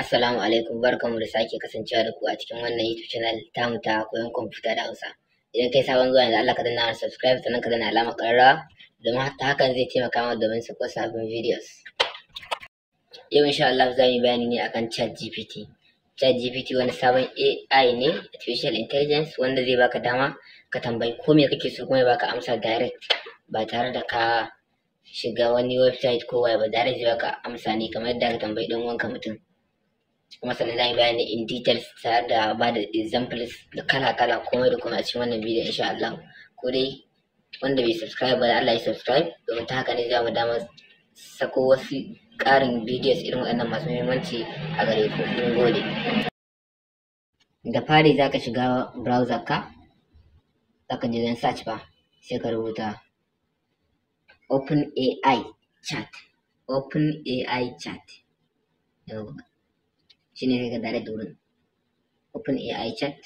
Assalamu alaikum barkanmu da sake kasancewa da ku a cikin wannan YouTube channel Ta ta koyon kwamfuta da Hausa. Idan kai sabon zuwa yanzu Allah ka danna subscribe sannan ka danna alamar ƙararrawa domin ta hakan zai taimaka mana domin su kosa sabbin videos. Yau insha Allah za mu bayani ne akan ChatGPT. ChatGPT wani sabon AI ne artificial intelligence wanda zai baka dama ka tambayi ko me kake so kuma ya baka amsa direct ba tare da ka shiga wani website ko waya ba direct zai baka amsa ne kamar yadda ka tambayi dan wanka mutum. kuma sannan zan yi bayani in details tare da ba da examples da kala kala komai da komai a cikin wannan bidiyon insha Allah ko dai wanda bai subscribe ba da Allah ya subscribe domin ta haka ne za mu dama sako wasu ƙarin bidiyos irin waɗannan masu muhimmanci a gare ku mun gode da fari za ka shiga browser ka za ka je don search ba sai ka rubuta open ai chat open ai chat shine zai ga direct wurin open AI chat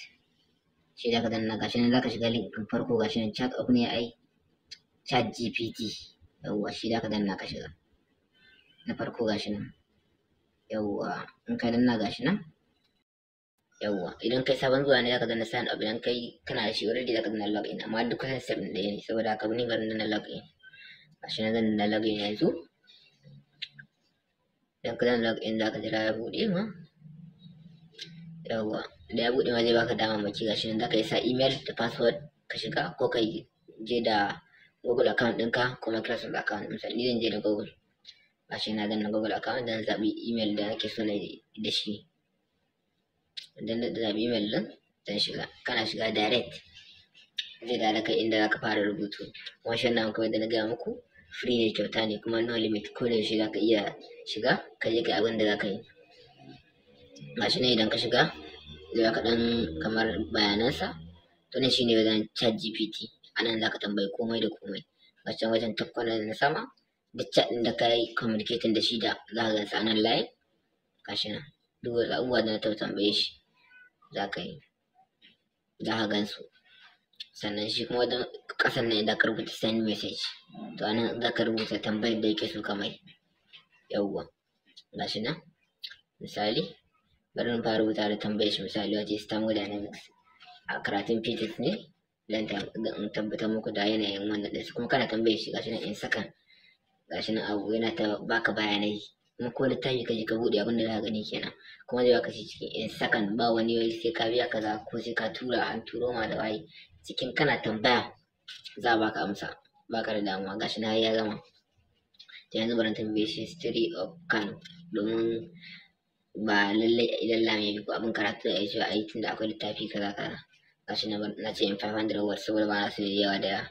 shi da ka danna gashi nan zaka shiga link din farko gashi nan chat open AI chat GPT yawwa shi da ka danna ka shiga na farko gashi nan yawwa in ka danna gashi nan yawwa idan kai sabon zuwa ne zaka danna sign up idan kai kana da shi already zaka danna log in amma duk kusan step ɗin ɗaya ne saboda haka ni bari danna log in gashi nan zan danna log yanzu idan ka danna log in zaka jira ya buɗe ma yawwa da ya buɗe ma zai baka dama maki gashi nan zaka yi sa email da password ka shiga ko ka je da google account ɗinka ko microsoft account misali ni zan je da google gashi na danna google account dan zabi email da nake so na da shi dan da zaɓi email ɗin zan shiga kana shiga direct zai da kai inda zaka fara rubutu wancan nan kawai da na gaya muku free ne kyauta ne kuma no limit ko da yaushe zaka iya shiga ka je kai abin da zaka yi gashi ne idan ka shiga zai ka dan kamar bayanansa to nan shine wajen chat gpt a nan zaka tambayi komai da komai gashi wajen tafkwanan na sama da chat din da kai communicating da shi da za ka gansa a nan layin gashi nan duk abubuwa da ta tambaye shi za ka yi za ka gansu sannan shi kuma wajen kasan nan da ka rubuta send message to a nan za ka rubuta tambayar da yake so ka mai yawwa gashi nan misali bari mu fara rubuta da tambayar shi misali wace thermodynamics a karatun physics ne dan in tabbatar muku da yanayin wannan ɗinsu kuma kana tambayar shi gashi nan in sakan gashi nan abu yana ta baka bayanai kuma ko littafi ka je ka buɗe abin da za ka gani kenan kuma zai baka shi cikin in sakan ba wani wai sai ka biya kaza ko sai ka tura an turo ma da waye cikin kana tambaya za a baka amsa baka da damuwa gashi na ya gama ta yanzu baran tambaye shi history of Kano domin ba lallai idan lami ya ko abin karatu da yi tun da akwai littafi kaza kaza gashi na na ce in 500 words saboda ba na da yawa da yawa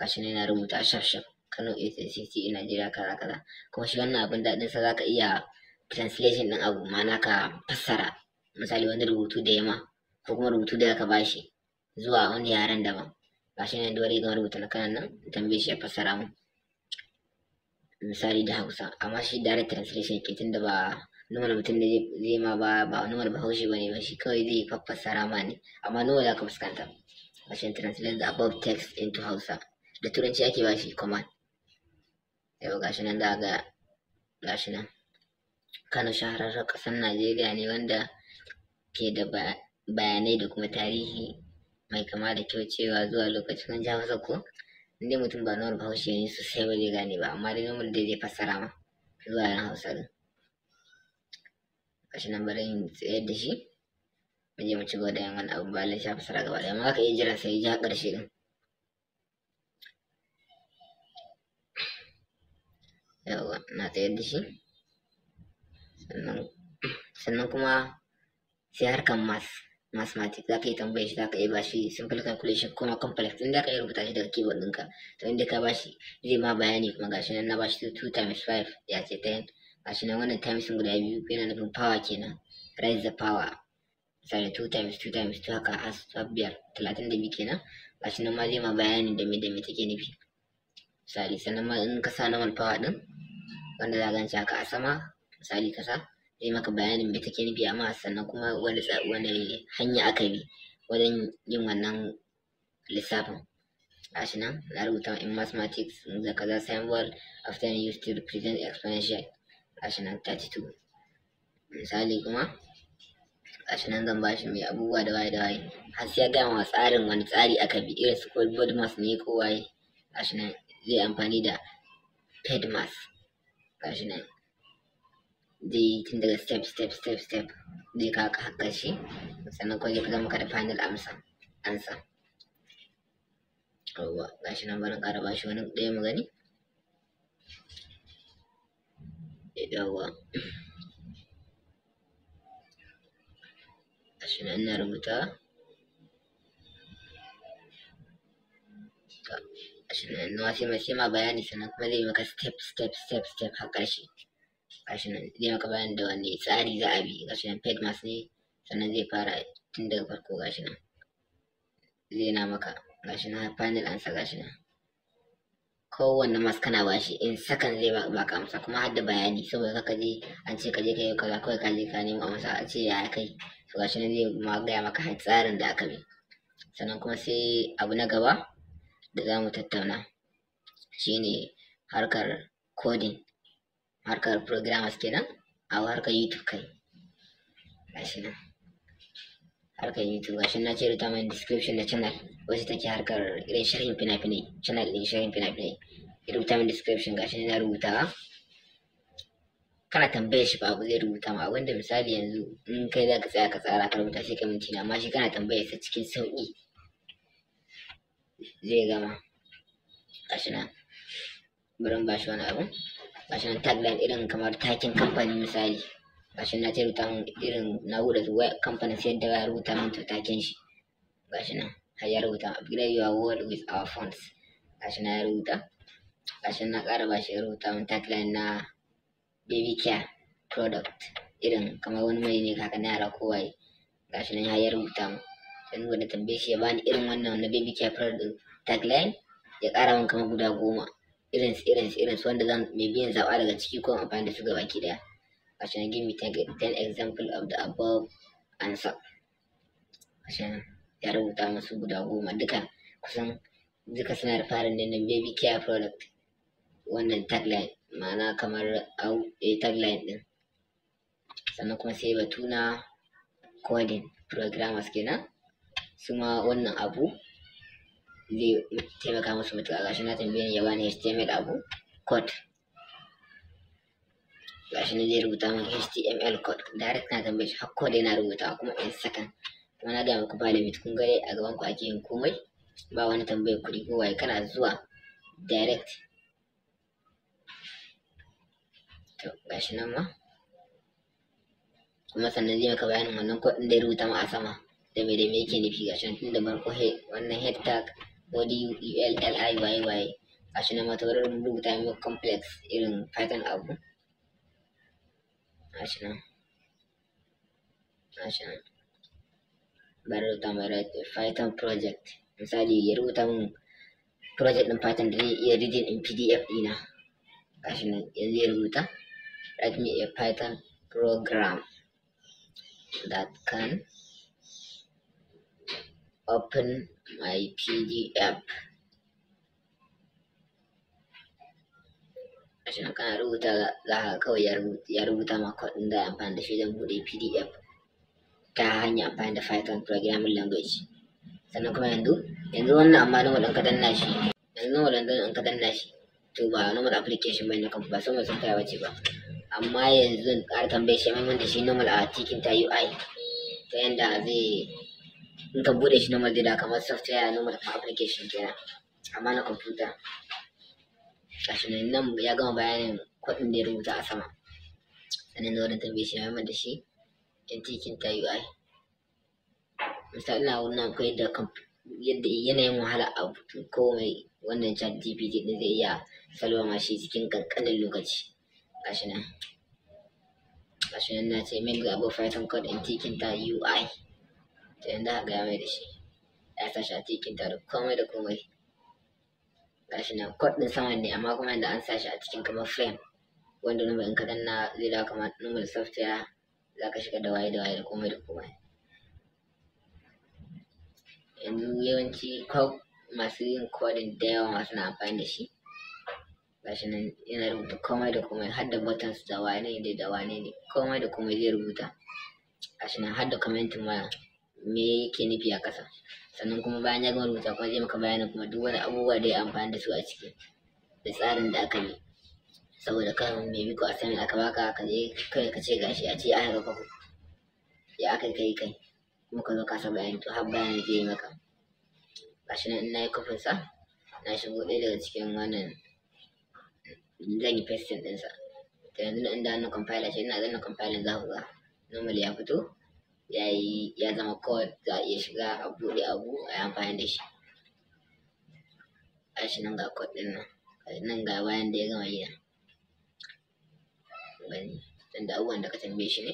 gashi na yana rubuta shaf shaf Kano ACCT ina e nigeria kaza kaza kuma shi wannan abin daɗin sa zaka iya translation ɗin abu ma'ana ka fassara misali wani rubutu da yama ko kuma rubutu da ba bashi zuwa wani yaren daban gashi ne duwar ga rubuta na kanan nan tambaye shi ya fassara mu misali da Hausa amma shi direct translation ke tun da ba Numar mutum da zai ma ba ba numar bahaushe ba ne ba shi kawai zai faffasara ma ne amma numal za ka fuskanta. mashin translate the above text into Hausa. Da turanci ake ba shi command. Yau gashi nan za ga gashi nan. Kano shahararren ƙasar Najeriya ne wanda ke da bayanai da kuma tarihi mai kama da kyau cewa zuwa lokacin kan ja masa inda mutum ba nawar bahaushe ne sosai ba zai gane ba amma dai numar da zai fassara ma zuwa yan hausa din gashi nan bari in tsayar da shi mu je mu ci gaba da yin wani abu ba bayan shafa sara gaba da ma ka yi jira sai ja karshe din yawa na tsayar da shi sannan sannan kuma sai harkan mas mathematics za ka yi tambayar shi za ka yi ba shi simple calculation kuma complex in da ka yi rubuta shi daga keyboard ɗinka to inda ka ba shi zai ma bayani kuma gashi nan na ba shi 2 times 5 ya ce 10 gashi nan wannan times guda biyu yana nufin power kenan rise the power misali 2 times 2 times 2 haka as biyar talatin da biyu kenan gashi nan ma zai ma bayani da me da me take nufi misali sannan ma in ka sa normal power din wanda za ganci haka a sama misali ka sa zai maka bayanin me take nufi amma sannan kuma wani wani hanya aka bi wajen yin wannan lissafin gashi nan na rubuta in mathematics in the kaza symbol after used to represent exponential gashi nan 32 misali kuma gashi nan zan bashi mai abubuwa da waye da waye har sai ya gaya wa tsarin wani tsari aka bi irin su cold board mask ne ko waye gashi nan zai amfani da paid mask gashi nan zai tun daga step step step step zai kawo ka hakkar shi sannan kuma ka zama maka da final amsa ansa yawwa gashi nan barin ƙara bashi wani ɗaya mu gani yawa gashi nan ina rubuta gashi nan na sai mai sai ma bayani sannan kuma zai maka step step step step har ƙarshe gashi nan zai maka bayani da wanne tsari za a bi gashi nan paid masu ne sannan zai fara tun daga farko gashi nan zai na maka gashi nan final answer gashi nan kowanne masu kana bashi in sakan zai ba baka amsa kuma har bayani saboda ka je an ce ka je ka yi kaza kawai ka je ka nemi amsa a ce ya kai to gashi nan zai ma gaya maka har tsarin da aka bi sannan kuma sai abu na gaba da za mu tattauna shine harkar coding harkar programmers kenan a harkar youtube kai gashi nan harkar YouTube gashin na ce rubuta min description na channel wacce take harkar irin shirin fina-finai channel din shirin fina-finai ya rubuta min description gashin na ba kana tambaye shi ba abu zai rubuta ma wanda misali yanzu in kai za ka tsaya ka tsara ka rubuta shi ka minti na amma shi kana tambaye sa cikin sauƙi zai gama gashi nan bari ba shi wani abu gashi nan tagline irin kamar takin kamfani misali gashi na ce rubuta mun irin na buɗe kamfanin sayar da ya rubuta mun ta taken shi gashi nan har ya rubuta upgrade your world with our funds gashi na ya rubuta gashi na ƙara shi ya rubuta mun tagline na baby care product irin kamar wani mai ne kaka na yara kowai yi gashi nan ya rubuta mun sai nuna da tambaye shi ya bani irin wannan na baby care product tagline ya ƙara mun kamar guda goma irin irin irin wanda zan mai biyan zaɓa daga ciki ko amfani da su gaba ki daya Question give me 10, 10 example of the above answer. Question ya rubuta masu guda goma duka kusan duka suna da farin da na baby care product wannan tagline ma'ana kamar a eh, tagline din sannan kuma sai ba tuna coding programmers kina su ma wannan abu zai taimaka musu mutuƙa gashi na tambayin ya bani html abu code gashi nan zai rubuta min html code direct na tambaye shi har code na rubuta kuma in sakan kuma na gaya muku ba limit kun gare a gaban ku ake yin komai ba wani tambayar kuɗi ko waye kana zuwa direct to gashi nan ma kuma sannan zai maka bayanin wannan code ɗin da ya rubuta ma a sama da me da me yake nufi gashi tun da farko wannan head tag body ul waye waye gashi nan ma taurarin wurin rubuta min complex irin python abu Asia. Asia. Baru utama itu Python project. Misalnya dia baru utama project dalam Python dia dia redeem in PDF ini lah. Asia dia baru utama. Let me Python program that can open my PDF. ashe kana rubuta za ka kawai ya rubuta ma ɗin da amfani da shi don buɗe pdf ta hanyar amfani da python programming language sannan kuma yanzu yanzu wannan amma na wadan kadan nashi yanzu na wadan dan kadan nashi to ba normal application bane kan ba sama sun kai wace ba amma yanzu in ƙara tambaye shi mai da shi normal a cikin ta UI ta yanda zai in ka bude shi normal da kamar software normal application kenan amma na computer gashi nan nan ya gama bayanin kuɗin da ya rubuta a sama sannan na wurin tambaye shi ya mai da shi tikin ta UI misali wannan akwai da yadda yanayin wahala a ko mai wannan chat GPT da zai iya ma shi cikin kankanin lokaci gashi nan gashi nan na ce min gabo Python code in tikin ta UI ta yanda ya mai da shi ya tashi a tikin ta da komai da komai gashi nan kod din saman ne amma kuma yanda an sa shi a cikin kamar frame wanda number in ka danna zai dawo kamar number software za ka shiga da waye da waye da komai da komai yanzu yawanci masu yin coding da yawa masu na amfani da shi gashi nan yana rubuta komai da komai har da buttons da wane ne da wane ne komai da komai zai rubuta gashi nan har da commenting waya me yake nufi a ƙasa sannan kuma bayan ya gama rubuta kuma zai maka bayanin kuma duk wani abubuwa da ya amfani da su a ciki da tsarin da aka yi saboda kan mai biko a sanin aka baka ka je kai ka ce gashi a ce aka ga ya aka kai kai kuma ka zo ka sa bayani to har bayanin zai yi maka gashi nan na yi kwafin sa na shigo ɗaya daga cikin wannan zan yi pasting ɗinsa ta yanzu na inda wannan compiler ce ina zanna compiler za ku ga normally ya fito ya zama kawai za iya shiga a buɗe abu a yi amfani da shi shi nan ga kwaɗin nan a shi nan ga bayan da ya gama yi nan wani tunda abubuwan da ka tambaye shi ne